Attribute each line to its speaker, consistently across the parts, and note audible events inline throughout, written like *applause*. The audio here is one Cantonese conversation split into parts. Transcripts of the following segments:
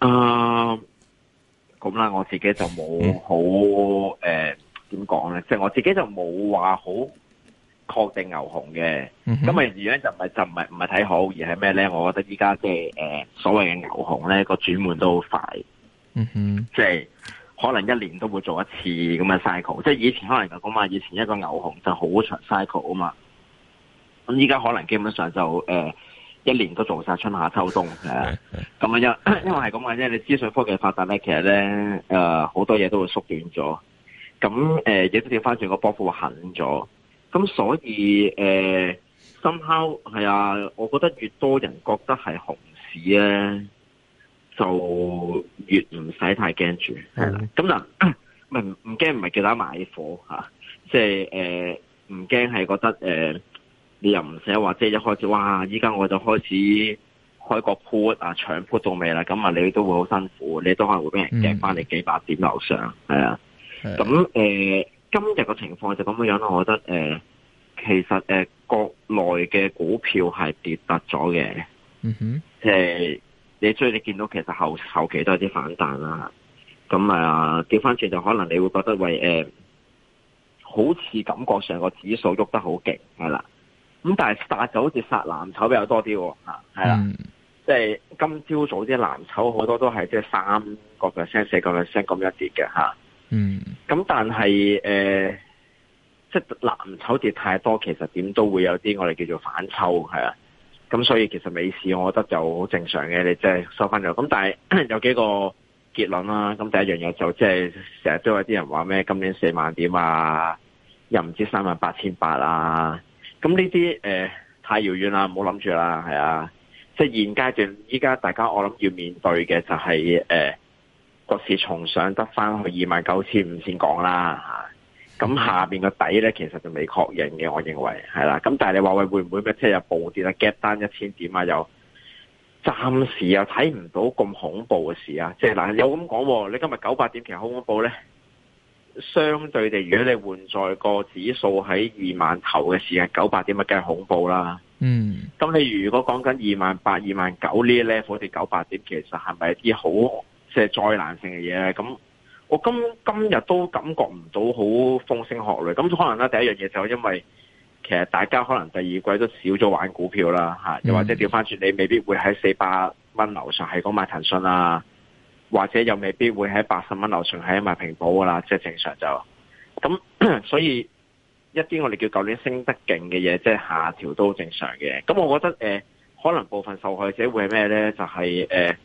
Speaker 1: 嗯，咁啦、uh,，我自己就冇好誒，點講咧？即係、就是、我自己就冇話好確定牛熊嘅。咁啊、mm，而、hmm. 咧就唔係就唔係唔係睇好，而係咩咧？我覺得依家嘅誒所謂嘅牛熊咧，個轉換都好快。即係、mm hmm. 可能一年都會做一次咁嘅 cycle。即係以前可能就講嘛，以前一個牛熊就好長 cycle 啊嘛。咁依家可能基本上就誒。呃一年都做晒春夏秋冬，係咁啊！因因為係咁嘅，啫。你資訊科技發達咧，其實咧誒好多嘢都會縮短咗，咁誒、呃、亦都翻轉個波幅會狠咗，咁所以誒，somehow 係啊，我覺得越多人覺得係熊市咧，就越唔使太驚住，係啦。咁嗱的，唔唔驚唔係叫大家買貨即係誒唔驚係覺得誒。呃你又唔使話，即係一開始哇！依家我就開始開個鋪啊，搶鋪到未啦？咁啊，你都會好辛苦，你都可能會俾人夾翻、嗯、你幾百點樓上，係啊。咁誒的、呃，今日個情況就咁樣咯。我覺得、呃、其實誒、呃、國內嘅股票係跌得咗嘅。嗯哼，呃、你最你見到其實後，後期都有啲反彈啦。咁啊，調翻轉就可能你會覺得喂誒、呃，好似感覺上個指數喐得好勁，係啦。咁但係殺就好似殺藍籌比較多啲喎，係啦、啊，即係、嗯、今朝早啲藍籌好多都係即係三個 percent、四個 percent 咁一跌嘅嗯，咁但係誒，即、呃、係、就是、藍籌跌太多，其實點都會有啲我哋叫做反抽係啦。咁、啊、所以其實美市我覺得就好正常嘅，你即係收翻咗。咁但係 *coughs* 有幾個結論啦、啊。咁第一樣嘢就即係成日都有啲人話咩？今年四萬點啊，又唔知三萬八千八啊。咁呢啲誒太遙遠啦，唔好諗住啦，係啊！即係現階段，依家大家我諗要面對嘅就係、是、誒，嗰、呃、市重上得翻去二萬九千五先講啦嚇。咁下面個底咧，其實就未確認嘅，我認為係啦。咁、啊、但係你話喂，會唔會咩即係有暴跌啊 gap 單一千點啊？又暫時又睇唔到咁恐怖嘅事啊！的即係嗱，有咁講喎，你今日九百點，其實好恐怖咧。相對地，如果你換在個指數喺二萬頭嘅時間九百點咪梗係恐怖啦。嗯，咁你如果講緊二萬八、二萬九呢一 level，跌九百點，其實係咪一啲好即係災難性嘅嘢咧？咁我今今日都感覺唔到好風聲鶴唳，咁可能咧第一樣嘢就係因為其實大家可能第二季都少咗玩股票啦，吓、嗯，又或者調翻轉你未必會喺四百蚊樓上係講買騰訊啊。或者又未必會喺八十蚊樓上，係一賣平保噶啦，即係正常就咁。所以一啲我哋叫舊年升得勁嘅嘢，即係下調都正常嘅。咁我覺得、呃、可能部分受害者會係咩咧？就係、呃、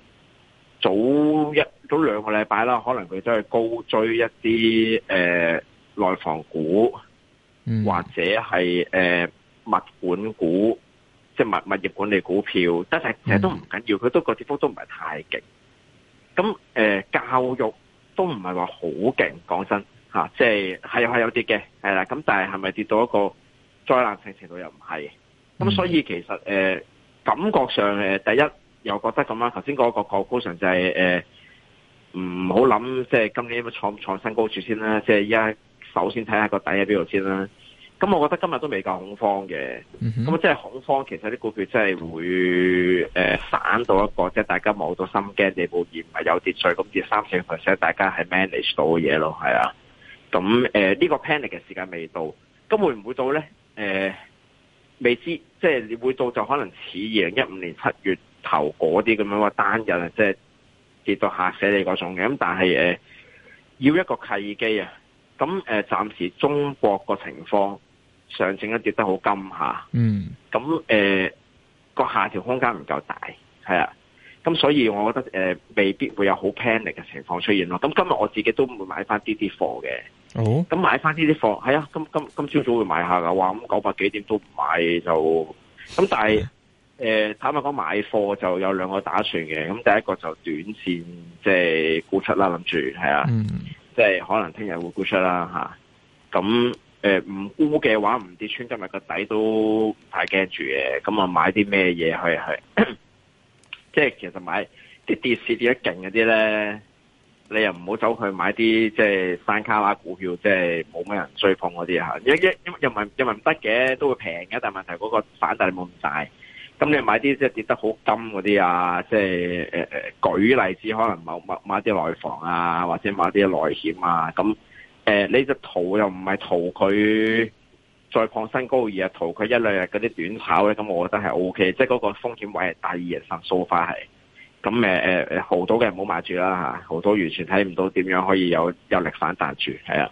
Speaker 1: 早一早兩個禮拜啦，可能佢都係高追一啲呃、內房股，嗯、或者係、呃、物管股，即係物物業管理股票。但係其實都唔緊要，佢都個跌幅都唔係太勁。咁誒、呃、教育都唔係話好勁，講真嚇，即係係係有跌嘅，係啦。咁但係係咪跌到一個災難性程度又唔係？咁所以其實誒、呃、感覺上第一又覺得咁啦。頭先嗰個高構就係誒唔好諗，即、呃、係、就是、今年乜創唔創新高處先啦。即係依家首先睇下個底喺邊度先啦。咁、嗯、我覺得今日都未夠恐慌嘅，咁即係恐慌，其實啲股票真係會、呃、散到一個即係大家冇到心驚地步，而唔係有秩序咁至三四個 percent，大家係 manage 到嘅嘢咯，係啊。咁呢、呃這個 panic 嘅時間未到，咁會唔會到咧、呃？未知，即係會到就可能似二零一五年七月頭嗰啲咁樣話單日即係跌到嚇死你嗰種嘅，咁但係、呃、要一個契機啊。咁暫、呃、時中國個情況。上證一跌得好金下，嗯，咁誒個下調空間唔夠大，係啊，咁所以我覺得、呃、未必會有好 panic 嘅情況出現咯。咁、啊、今日我自己都唔會買翻啲啲貨嘅，哦，咁買翻啲啲貨，係啊，哎、呀今今今朝早會買下噶，哇，咁九百幾點都唔買就，咁、啊、但係誒、嗯呃，坦白講買貨就有兩個打算嘅，咁、啊、第一個就短線即係、就是、沽出啦，諗住係啊，即係、嗯、可能聽日會沽出啦吓。咁、啊。啊啊誒，唔沽嘅話，唔跌穿今日個底都太驚住嘅，咁、嗯、啊買啲咩嘢去去？即係其實買跌跌市跌得勁嗰啲咧，你又唔好走去買啲即係山卡拉股票，即係冇咩人追捧嗰啲吓。一、啊、一因為因為唔得嘅，都會平嘅，但係問題嗰個反彈冇咁大。咁、嗯、你買啲即係跌得好金嗰啲啊，即係誒誒，舉例子可能買買啲內房啊，或者買啲內險啊，咁、嗯。誒，呢、呃、只圖又唔係圖佢再創新高，而係圖佢一兩日嗰啲短炒咧，咁我覺得係 O K，即係嗰個風險位係第二日反掃翻係。咁誒誒誒，濠賭嘅唔好買住啦吓，濠賭完全睇唔到點樣可以有有力反彈住係啊。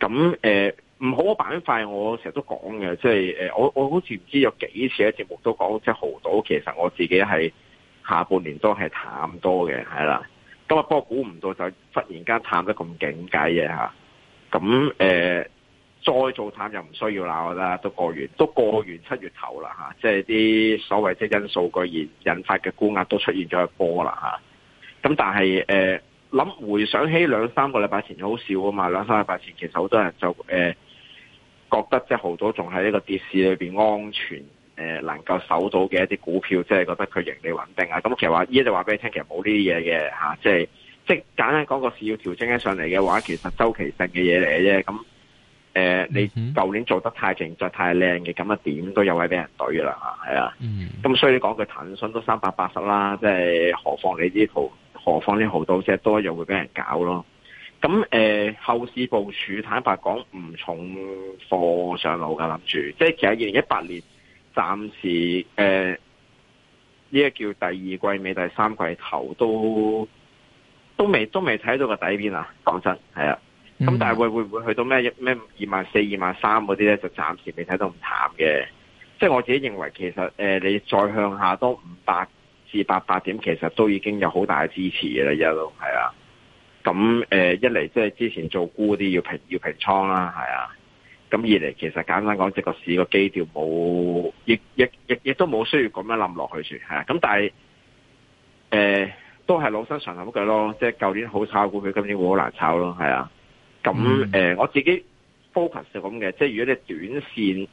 Speaker 1: 咁誒唔好嘅板塊我、就是，我成日都講嘅，即係誒，我我好似唔知有幾次嘅節目都講，即係濠賭其實我自己係下半年都係淡多嘅係啦。今日不過估唔到就忽然間淡得咁警戒嘅吓。咁誒、呃、再做探又唔需要鬧啦，我覺得都過完，都過完七月頭啦嚇，即係啲所謂即係因數據而引發嘅沽壓都出現咗一波啦嚇。咁、啊、但係誒諗回想起兩三個禮拜前好少啊嘛，兩三個禮拜前其實好多人就誒、呃、覺得即係好多仲喺呢個跌市裏面安全、呃、能夠守到嘅一啲股票，即、就、係、是、覺得佢盈利穩定啊。咁其實話依家就話俾你聽，其實冇呢啲嘢嘅嚇，即係。即係簡單講個市要調整一上嚟嘅話，其實周期性嘅嘢嚟嘅啫。咁誒、呃，你舊年做得太勁，再太靚嘅，咁啊點都有位俾人懟啦。係啊，咁、mm hmm. 嗯、所以你講句騰訊都三百八十啦。即係何況你啲圖何況啲好多隻多又會俾人搞咯。咁誒、呃，後市部署坦白講唔重貨上路噶諗住。即係其實二零一八年暫時誒，呢、呃、個叫第二季尾第三季頭都。都未都未睇到個底邊啊！講真，係啊，咁、嗯、但係會會唔會去到咩咩二萬四、二萬三嗰啲咧？就暫時未睇到唔淡嘅。即係我自己認為，其實誒、呃，你再向下都五百至八百點，其實都已經有好大嘅支持嘅啦、呃。一路係係啊，咁誒一嚟即係之前做沽啲要平要平倉啦，係啊。咁二嚟其實簡單講，即個個市個基調冇亦亦亦亦都冇需要咁樣冧落去住係啊。咁但係誒。呃都係老生常談嗰句咯，即係舊年好炒股票，估今年會好難炒咯，係啊。咁誒、呃，我自己 focus 就咁嘅，即係如果你短線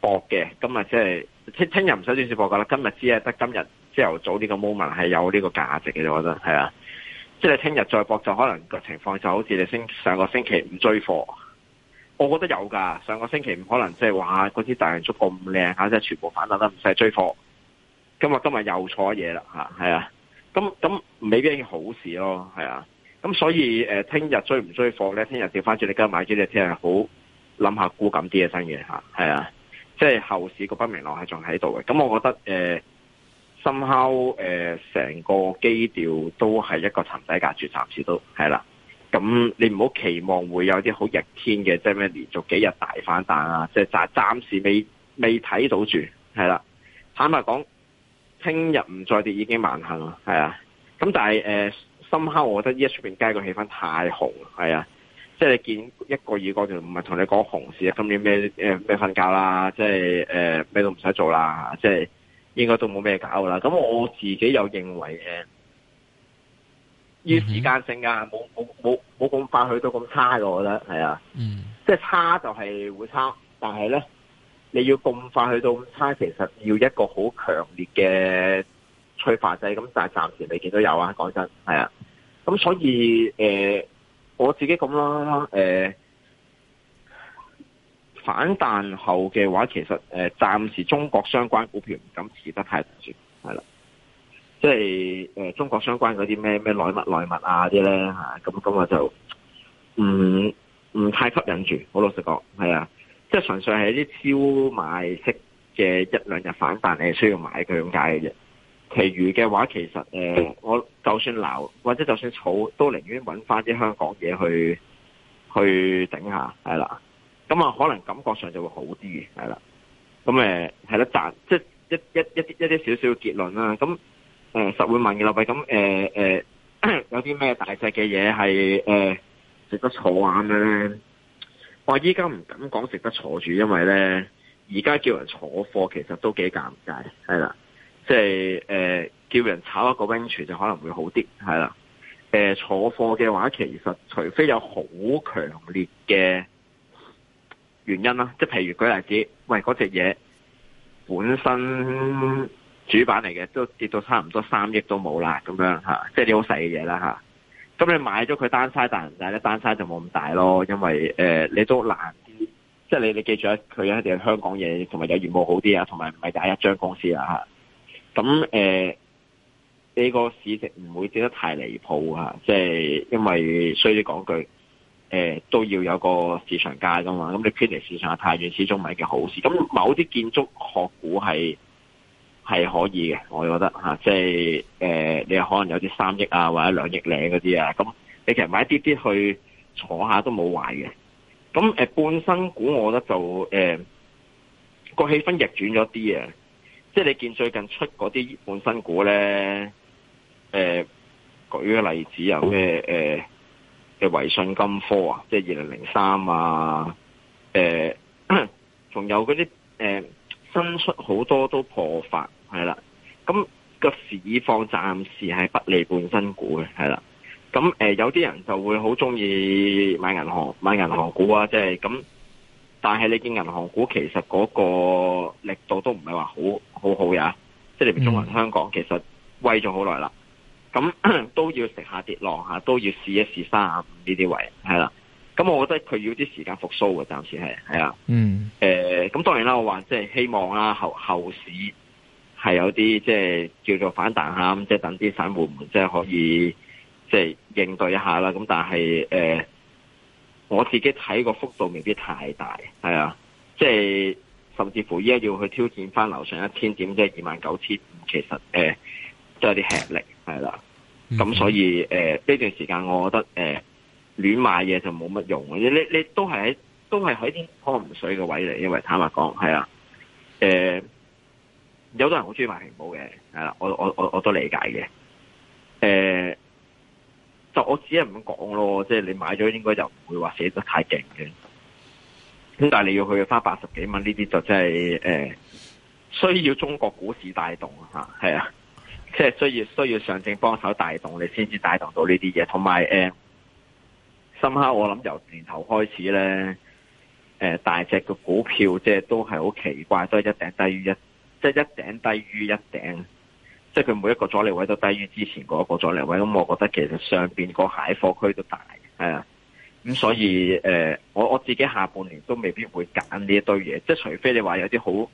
Speaker 1: 博嘅，今日即係聽聽日唔使短線博噶啦，今日只係得今日朝頭早呢個 moment 係有呢個價值嘅，我覺得係啊。即係你聽日再博就可能個情況就好似你星上個星期五追貨，我覺得有噶。上個星期五可能即係話嗰啲大紅竹咁靚吓，即係全部反彈得唔使追貨。今日今日又錯嘢啦吓，係啊。咁咁未必係好事咯，係啊。咁所以誒，聽、呃、日追唔追貨咧？聽日跌翻住，你今日買住，你聽日好諗下沽緊啲嘅生意嚇，係啊，啊。即係後市個不明朗係仲喺度嘅。咁我覺得誒，深秋誒成個基調都係一個沉底格住，暫時都係啦。咁、啊、你唔好期望會有啲好逆天嘅，即係咩連續幾日大反彈啊！即、就、係、是、暫，暫時未未睇到住，係啦、啊。坦白講。聽日唔再跌已經萬幸啦，係啊，咁但係誒，深、呃、刻我覺得呢一出邊街個氣氛太紅，係啊，即係你見一個二個就唔係同你講紅事，啊，今年咩誒咩瞓覺啦，即係誒咩都唔使做啦，即係應該都冇咩搞啦。咁我自己又認為誒，要時間性㗎，冇冇冇冇咁快去到咁差咯，我覺得係啊，嗯、即係差就係會差，但係咧。你要咁快去到咁差，其實要一個好強烈嘅催化劑咁，但係暫時未見到有啊。講真，係啊，咁所以誒、呃，我自己咁啦、呃，反彈後嘅話，其實、呃、暫時中國相關股票唔敢持得太住，係啦，即係、呃、中國相關嗰啲咩咩內物內物啊啲咧嚇，咁咁啊就唔唔太吸引住，好老實講，係啊。即係純粹係啲超賣式嘅一兩日反彈，你需要買佢咁解嘅啫。其餘嘅話，其實誒、呃，我就算鬧或者就算炒，都寧願揾翻啲香港嘢去去頂下，係啦。咁啊，可能感覺上就會好啲，係啦。咁誒係咯，但即係一一一啲一啲少少嘅結論啦。咁誒實會問嘅啦，喂，咁誒誒有啲咩大隻嘅嘢係誒值得炒下嘅咧？我依家唔敢講值得坐住，因為咧而家叫人坐貨，其實都幾尷尬，係啦，即係誒叫人炒一個溫泉，就可能會好啲，係啦，誒、呃、坐貨嘅話其實除非有好強烈嘅原因啦，即係譬如舉例子，喂嗰隻嘢本身主板嚟，嘅都跌到差唔多三億都冇啦，咁樣吓，即係啲好細嘅嘢啦吓。咁你買咗佢單曬但唔大咧？單曬就冇咁大咯，因為誒、呃、你都難啲，即係你你記住佢一定係香港嘢同埋有業務好啲啊，同埋唔係第一張公司啊吓咁誒，呢個、呃、市值唔會跌得太離譜啊，即、就、係、是、因為衰啲講句誒、呃、都要有個市場價噶嘛，咁你偏離市場太遠，始終唔係件好事。咁某啲建築學股係。係可以嘅，我覺得嚇、啊，即係誒、呃，你又可能有啲三億啊，或者兩億零嗰啲啊，咁你其實買一啲啲去坐下都冇壞嘅。咁誒、呃，半新股我覺得就誒個、呃、氣氛逆轉咗啲啊，即係你見最近出嗰啲半新股咧，誒、呃、舉個例子有咩誒嘅維信金科啊，即係二零零三啊，誒仲有嗰啲誒。呃新出好多都破發，係啦，咁、個市況暫時係不利半新股嘅，係啦，咁、呃、有啲人就會好中意買銀行買銀行股啊，即係咁，但係你見銀行股其實嗰個力度都唔係話好好好、啊、呀，即係你如中銀香港其實威咗好耐啦，咁都要食下跌浪，都要試一試三廿五呢啲位，係啦。咁我覺得佢要啲時間復甦嘅，暫時係係啊。嗯。誒，咁當然啦，我話即係希望啦，後後市係有啲即係叫做反彈下，咁即係等啲散戶唔即係可以即係應對一下啦。咁但係誒、呃，我自己睇個幅度未必太大，係啊。即係甚至乎依家要去挑戰翻樓上一千點，即係二萬九千五，其實即、呃、都有啲吃力，係啦。咁、嗯、所以誒呢、呃、段時間，我覺得誒。呃亂買嘢就冇乜用，你你你都係喺都係喺啲荒唔水嘅位嚟，因為坦白講係啊，誒、欸，有多人好鍾意買平保嘅，係啦、啊，我我我我都理解嘅，誒、欸，就我只係唔講咯，即係你買咗應該就唔會話寫得太勁嘅，咁但係你要去返八十幾蚊呢啲就真係誒、欸，需要中國股市帶動吓，係啊，即係需要需要上證幫手帶動你先至帶動到呢啲嘢，同埋誒。欸深刻，我諗由年頭開始咧，誒、呃、大隻嘅股票即係都係好奇怪，都係一頂低於一，即、就、係、是、一頂低於一頂，即係佢每一個阻力位都低於之前嗰個阻力位。咁、嗯、我覺得其實上邊個蟹貨區都大係係啊。咁所以誒、呃，我我自己下半年都未必會揀呢一堆嘢，即係除非你話有啲好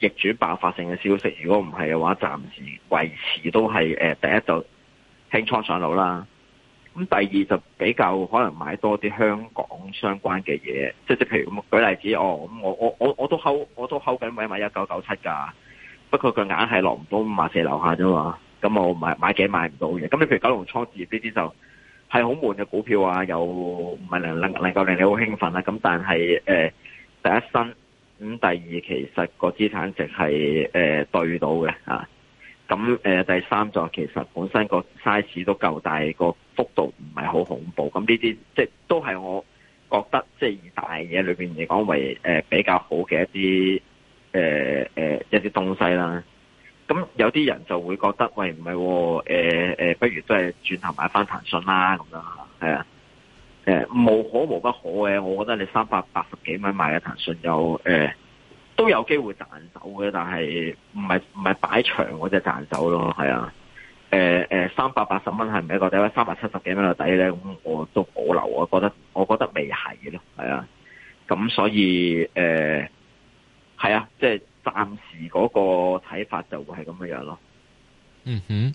Speaker 1: 逆轉爆發性嘅消息。如果唔係嘅話，暫時維持都係誒、呃、第一就輕倉上路啦。咁第二就比較可能買多啲香港相關嘅嘢，即係即譬如舉例子，哦，咁我我我我都 hold 我都 hold 緊位買一九九七㗎，不過佢硬係落唔到五四樓下啫嘛，咁我買，買幾買唔到嘅。咁你譬如九龍倉置業呢啲就係好悶嘅股票啊，又唔係能能能夠令你好興奮啦、啊。咁但係、呃、第一新，
Speaker 2: 咁、嗯、
Speaker 1: 第二其實個資產值係對、呃、到嘅。咁、呃、第三座其實本身個 size 都夠大，個幅度唔係好恐怖。咁呢啲即係都係我覺得即係以大嘢裏面嚟講為、呃、比較好嘅一啲誒、呃呃、一啲東西啦。咁有啲人就會覺得喂，唔係喎誒，不如都係轉頭買翻騰訊啦咁樣。係啊、呃、無可無不可嘅，我覺得你三百八十幾蚊買嘅騰訊有誒，呃都有機會賺手嘅，但係唔係唔係擺長嗰隻賺手咯，係啊，誒誒，三百八十蚊係咪一個底，三百七十幾蚊嘅底咧？咁我都保留，我覺得我覺得未係嘅咯，係啊，咁所以誒係啊，即、呃、係、即係、暫時嗰個睇法就會係咁樣樣咯，
Speaker 2: 嗯哼。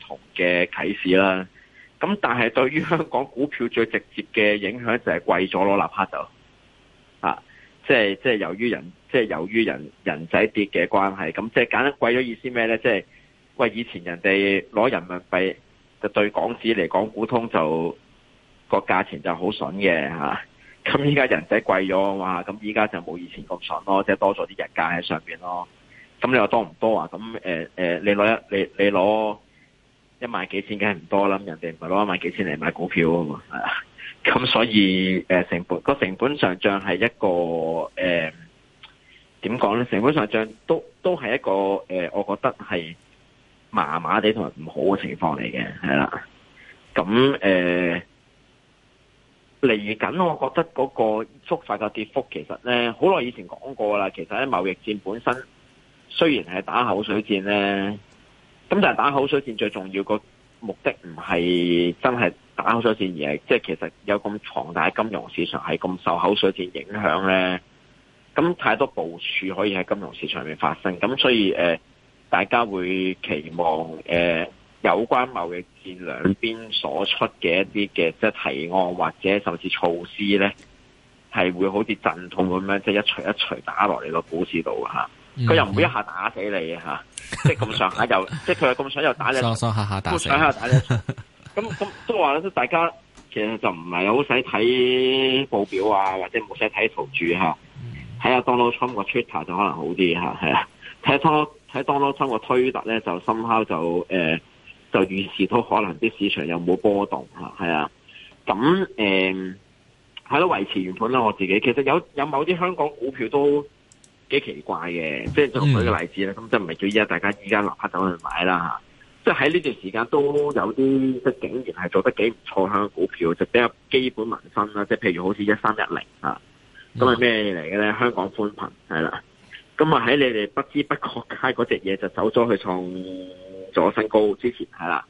Speaker 1: 嘅啟示啦，咁但係對於香港股票最直接嘅影響就係貴咗攞立刻就，啊，即係即係由於人即係由於人人，人仔跌嘅關係，咁即係簡單貴咗意思咩呢？即係喂，以前人哋攞人民幣就對港紙嚟講，股通就個價錢就好筍嘅吓。咁依家人仔貴咗啊嘛，咁依家就冇以前咁筍咯，即係多咗啲日價喺上邊咯。咁你又多唔多啊？咁呃呃，你攞一你你攞。一萬幾千梗係唔多啦，人哋唔係攞一萬幾千嚟買股票啊嘛，係啦。咁所以誒、呃、成本個成本上漲係一個誒點講咧？成本上漲都都係一個誒、呃呃，我覺得係麻麻地同埋唔好嘅情況嚟嘅，係啦。咁誒嚟緊，嗯那呃、我覺得嗰個縮窄嘅跌幅，其實咧好耐以前講過啦。其實喺貿易戰本身，雖然係打口水戰咧。咁但係打口水戰最重要個目的，唔係真係打口水戰，而係即係其實有咁龐大金融市場係咁受口水戰影響咧。咁太多部署可以喺金融市場裡面發生，咁所以，呃，大家會期望，呃，有關貿易戰兩邊所出嘅一啲嘅即係提案或者甚至措施咧，係會好似陣痛咁樣，即係一錘一錘打落嚟個股市度嚇。佢又唔會一下打死你嘅 *laughs* 即係咁上下又即係佢又咁想又打你，下下 *laughs* 打你，下 *laughs* 打你。咁咁 *laughs* 都話咧，大家其實就唔係好使睇報表啊，或者唔好使睇圖注嚇、啊，睇下 Donald Trump 個 Twitter 就可能好啲嚇，係啊。睇 Donald 睇 Donald Trump 個推特咧就深刻就誒、呃、就預示到可能啲市場有冇波動係啊。咁誒係咯維持原本啦、啊、我自己，其實有有某啲香港股票都。幾奇怪嘅，即係就舉個例子咧，咁、嗯、即係唔係叫依家大家依家立刻走去買啦嚇？即係喺呢段時間都有啲，即係竟然係做得幾唔錯嘅股票，就比較基本民生啦。即係譬如好似一三一零嚇，咁係咩嚟嘅咧？香港寬頻係啦，咁啊喺你哋不知不覺街嗰隻嘢就走咗去創咗新高之前係啦，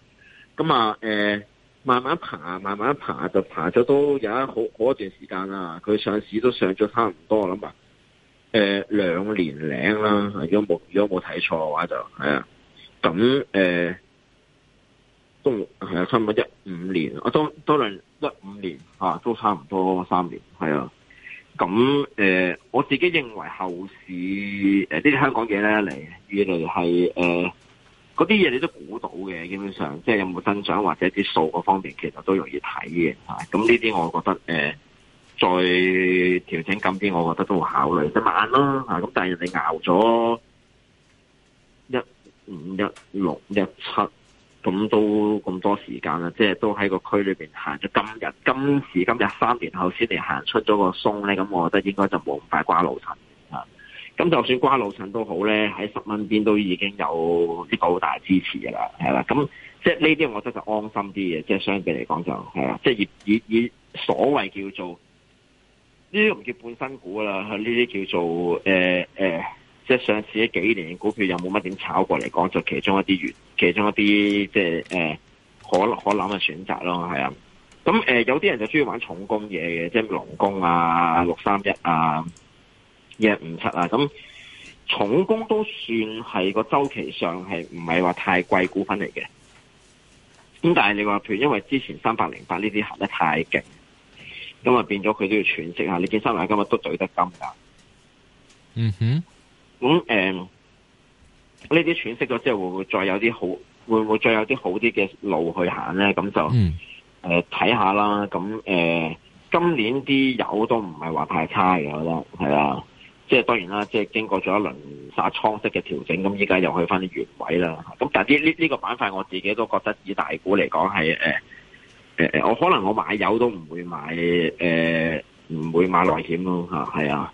Speaker 1: 咁啊、呃、慢慢爬慢慢爬就爬咗都有一好嗰段時間啦，佢上市都上咗差唔多，我諗誒，兩、呃、年領啦，如果冇如果冇睇錯嘅話就係啊，咁誒、呃，都係差唔多一五年，我都都兩一五年啊，都差唔多三年，係啊，咁誒、呃，我自己認為後市誒，啲、呃、香港嘅一嚟，二嚟係誒，嗰啲嘢你都估到嘅，基本上即係有冇增長或者啲數嗰方面，其實都容易睇嘅吓，咁呢啲我覺得誒。呃再調整咁啲，我覺得都會考慮得慢啦，咁、啊、但係人哋熬咗一五一六一七，咁都咁多時間啦，即、就、係、是、都喺個區裏面行咗今日今時今日三年後先嚟行出咗個松咧。咁我覺得應該就冇咁快瓜老襯嚇。咁、啊、就算瓜老襯都好咧，喺十蚊邊都已經有啲好大支持噶啦，係啦。咁即係呢啲，我覺得就安心啲嘅，即係相對嚟講就係。即係以以以所謂叫做。呢啲唔叫半新股啦，呢啲叫做誒誒，呃呃，即係上市一幾年股票又冇乜點炒過嚟講，就其中一啲源，其中一啲即係誒，呃、可可諗嘅選擇咯，係啊。咁誒，呃、有啲人就中意玩重工嘢嘅，即係龍工啊，六三一啊、一五七啊，咁重工都算係個周期上係唔係話太貴的股份嚟嘅。咁但係你話譬如因為之前三百零八呢啲行得太勁，今日變咗佢都要喘息吓，你見三萬今日都對得金㗎。嗯哼，咁誒、嗯，呢、呃、啲喘息咗之後會唔會再有啲好，會唔會再有啲好啲嘅路去行咧？咁就誒睇下啦。咁誒、嗯呃呃，今年啲油都唔係話太差嘅，我覺得係啊。即係當然啦，即係經過咗一輪殺倉式嘅調整，咁依家又去返啲原位啦。咁但係呢呢呢個板塊，我自己都覺得以大股嚟講係誒。呃我、呃、可能我買油都唔會買誒，唔、呃、會買內險咯吓，係啊，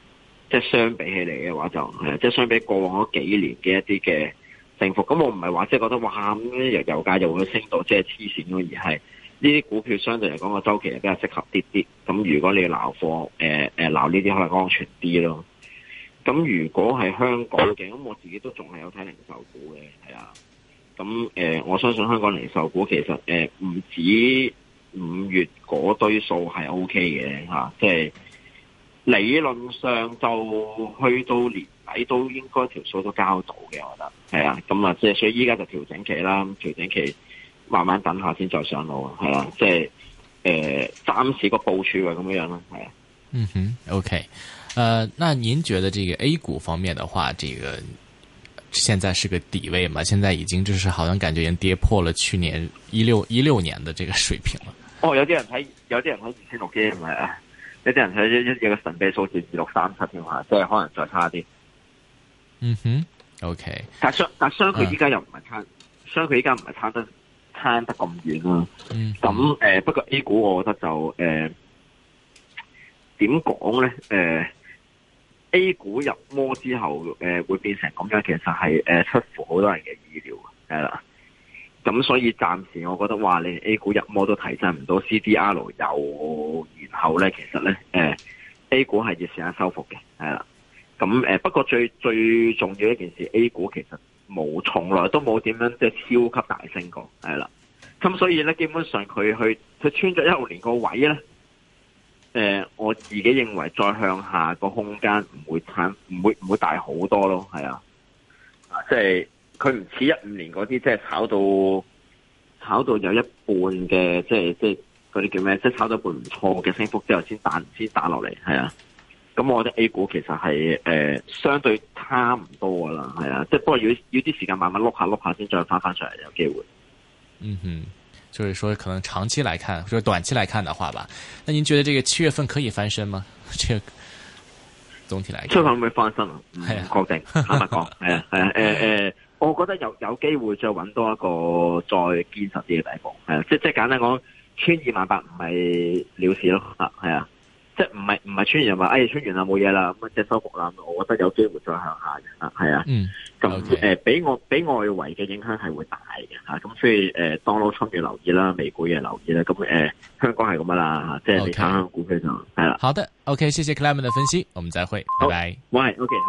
Speaker 1: 即係相比起嚟嘅話就係、啊，即係相比過往嗰幾年嘅一啲嘅升幅，咁我唔係話即係覺得哇咁油油價就會升到即係黐線咯，而係呢啲股票相對嚟講個週期比較適合啲啲。咁如果你鬧貨誒誒鬧呢啲可能安全啲咯。咁如果係香港嘅，咁我自己都仲係有睇零售股嘅，係啊，咁誒、呃，我相信香港零售股其實誒唔、呃、止。五月嗰堆數係 O K 嘅吓，即係理論上就去到年底都應該條數都交到嘅。我覺得係啊，咁啊，即係所以依家就調整期啦，調整期慢慢等下先再上路啊。係啊，即係誒暫時個部署嘅咁樣樣啦，係啊。嗯
Speaker 2: 哼，O K，誒，那您覺得這個 A 股方面的話，這個？現在是個底位嘛？現在已經就是，好像感覺已經跌破了去年一六一六年的這個水平
Speaker 1: 了。哦，有啲人睇，有啲人睇二千六，係唔係啊？有啲人睇一一個神秘數字二六三七添，嘛，即係可能再差啲。嗯哼，OK 但。但相，但相佢依家又唔係差，嗯、相佢依家唔係差得差得咁遠啦，啊。咁誒、嗯哼呃，不過 A 股我覺得就誒，點講咧？誒。呃 A 股入魔之後，誒、呃、會變成咁樣，其實係誒、呃、出乎好多人嘅意料，係啦。咁所以暫時我覺得話，你 A 股入魔都提振唔到 C D R 有然後咧，其實咧，誒、呃、A 股係要時間修復嘅，係啦。咁誒、呃，不過最最重要的一件事，A 股其實冇，從來都冇點樣即係超級大升過，係啦。咁所以咧，基本上佢去佢穿咗一六年個位咧。誒、呃，我自己認為再向下個空間唔會產唔會唔會大好多咯，係啊，即係佢唔似一五年嗰啲，即係炒到炒到有一半嘅，即係即係嗰啲叫咩？即係炒到一半唔錯嘅升幅之後先彈先彈落嚟，係啊。咁我覺得 A 股其實係誒相對差唔多噶啦，係啊，即係不過要要啲時間慢慢碌下碌下先再翻翻出嚟有機會。嗯哼。
Speaker 2: 就是說可能長期來看，或者短期來看的話吧，那您覺得這個七月份可以翻身嗎？這個總體
Speaker 1: 嚟，有可能會翻身咯，啊，唔確定，坦白講，係啊係啊，誒誒，我覺得有有機會再搵多一個再堅實啲嘅地方，係啊，即即簡單講，千二萬八唔係了事咯，係啊。即係唔係唔係穿越，話哎穿越啦，冇嘢啦，咁啊即係收復啦，我覺得有機會再向下嘅啊係啊，咁誒、嗯 okay. 呃、比我比外圍嘅影響係會大嘅吓，咁、啊啊、所以誒、啊、當攞穿留意啦，美股嘅留意啦，咁、啊、誒、啊、香
Speaker 2: 港係咁啊啦即係地產股嗰種係啦。Okay. 啊、好的，OK，謝謝 Clement 嘅分析，我們再會，Okay. 拜拜。喂、哦、OK, okay。
Speaker 1: Okay.